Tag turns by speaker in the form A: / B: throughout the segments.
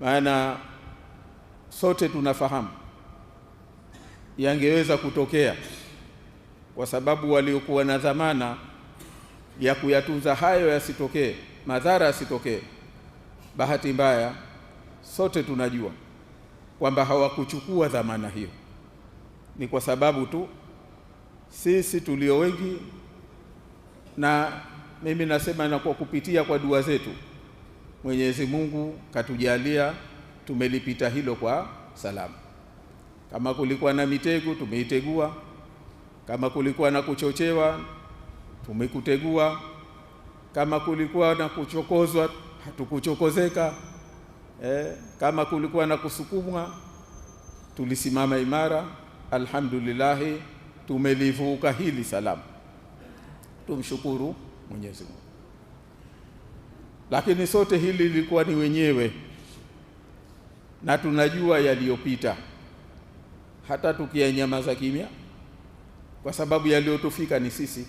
A: maana sote tunafahamu yangeweza kutokea, kwa sababu waliokuwa na dhamana ya kuyatunza hayo yasitokee, madhara yasitokee, bahati mbaya sote tunajua kwamba hawakuchukua dhamana hiyo. Ni kwa sababu tu sisi tulio wengi, na mimi nasema na kwa kupitia kwa dua zetu Mwenyezi Mungu katujalia tumelipita hilo kwa salama. Kama kulikuwa na mitego tumeitegua, kama kulikuwa na kuchochewa tumekutegua, kama kulikuwa na kuchokozwa hatukuchokozeka, eh, kama kulikuwa na kusukumwa tulisimama imara. Alhamdulillahi, tumelivuka hili salama. Tumshukuru Mwenyezi Mungu lakini sote hili lilikuwa ni wenyewe na tunajua yaliyopita, hata tukiyanyamaza kimya, kwa sababu yaliyotufika ni sisi,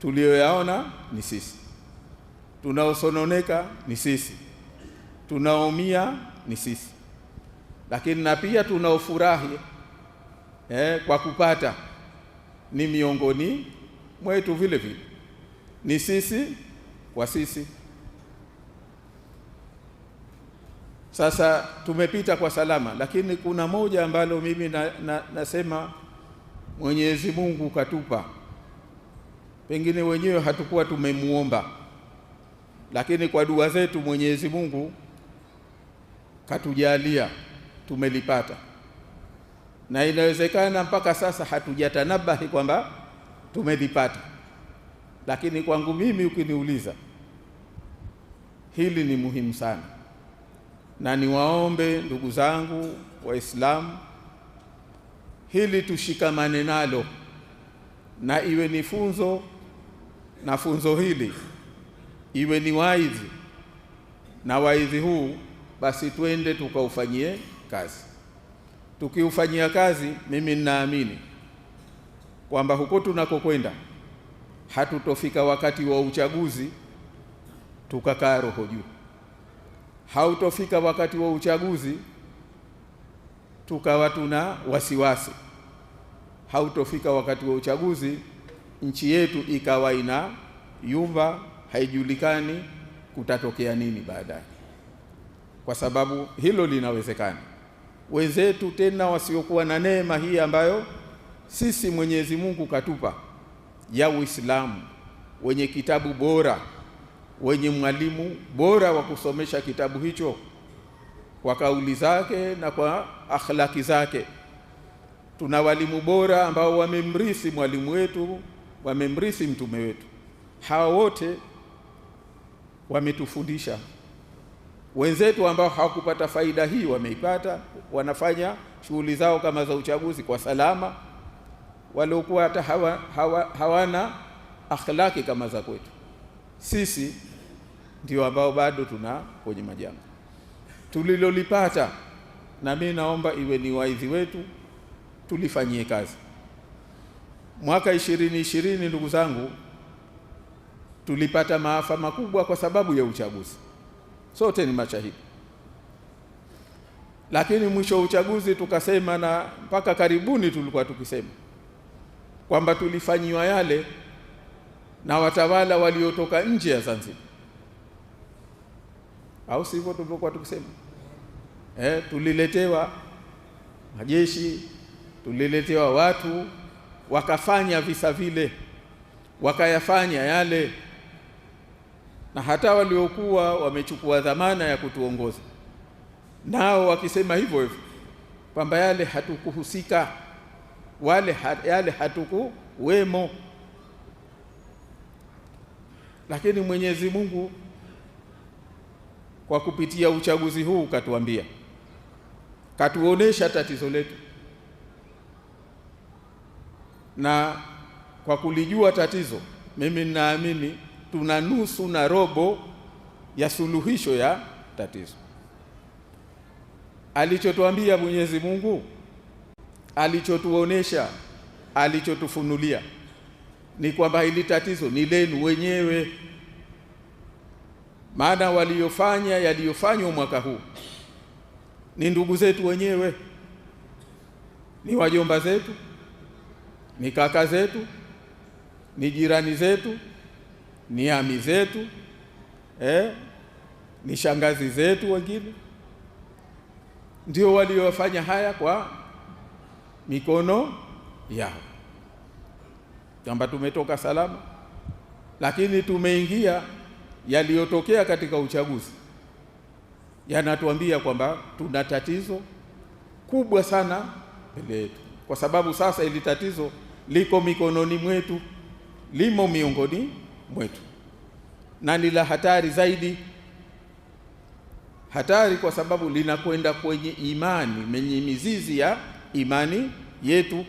A: tuliyoyaona ni sisi, tunaosononeka ni sisi, tunaumia ni sisi, lakini na pia tunaofurahi eh, kwa kupata ni miongoni mwetu vile vile, ni sisi kwa sisi. Sasa tumepita kwa salama, lakini kuna moja ambalo mimi na, na, nasema Mwenyezi Mungu katupa, pengine wenyewe hatukuwa tumemuomba, lakini kwa dua zetu Mwenyezi Mungu katujalia, tumelipata na inawezekana mpaka sasa hatujatanabahi kwamba tumelipata. Lakini kwangu mimi, ukiniuliza hili ni muhimu sana na niwaombe ndugu zangu Waislamu, hili tushikamane nalo na iwe ni funzo, na funzo hili iwe ni waidhi, na waidhi huu basi twende tukaufanyie kazi. Tukiufanyia kazi, mimi ninaamini kwamba huko tunakokwenda hatutofika wakati wa uchaguzi tukakaa roho juu hautofika wakati wa uchaguzi tukawa tuna wasiwasi, hautofika wakati wa uchaguzi nchi yetu ikawa ina yumba, haijulikani kutatokea nini baadaye, kwa sababu hilo linawezekana. Wenzetu tena wasiokuwa na neema hii ambayo sisi Mwenyezi Mungu katupa ya Uislamu wenye kitabu bora wenye mwalimu bora wa kusomesha kitabu hicho kwa kauli zake na kwa akhlaki zake. Tuna walimu bora ambao wamemrisi mwalimu wetu, wamemrisi mtume wetu. Hawa wote wametufundisha. Wenzetu ambao hawakupata faida hii wameipata, wanafanya shughuli zao kama za uchaguzi kwa salama, waliokuwa hata hawa, hawa, hawana akhlaki kama za kwetu sisi ndio ambao bado tuna kwenye majanga tulilolipata, na mimi naomba iwe ni waidhi wetu, tulifanyie kazi. Mwaka ishirini ishirini, ndugu zangu, tulipata maafa makubwa kwa sababu ya uchaguzi, sote ni mashahidi. Lakini mwisho wa uchaguzi tukasema, na mpaka karibuni tulikuwa tukisema kwamba tulifanyiwa yale na watawala waliotoka nje ya Zanzibar, au sivyo tulivyokuwa tukisema eh, tuliletewa majeshi, tuliletewa watu wakafanya visa vile, wakayafanya yale, na hata waliokuwa wamechukua dhamana ya kutuongoza nao wakisema hivyo hivyo kwamba yale hatukuhusika, wale yale hatukuwemo. Lakini Mwenyezi Mungu kwa kupitia uchaguzi huu katuambia, katuonesha tatizo letu, na kwa kulijua tatizo, mimi ninaamini tuna nusu na robo ya suluhisho ya tatizo. Alichotuambia Mwenyezi Mungu, alichotuonesha, alichotufunulia ni kwamba hili tatizo ni lenu wenyewe, maana waliyofanya yaliyofanywa mwaka huu ni ndugu zetu wenyewe, ni wajomba zetu, ni kaka zetu, ni jirani zetu, ni ami zetu eh, ni shangazi zetu, wengine ndio waliofanya haya kwa mikono yao kwamba tumetoka salama, lakini tumeingia. Yaliyotokea katika uchaguzi yanatuambia kwamba tuna tatizo kubwa sana mbele yetu, kwa sababu sasa ili tatizo liko mikononi mwetu, limo miongoni mwetu, na ni la hatari zaidi. Hatari kwa sababu linakwenda kwenye imani, menye mizizi ya imani yetu.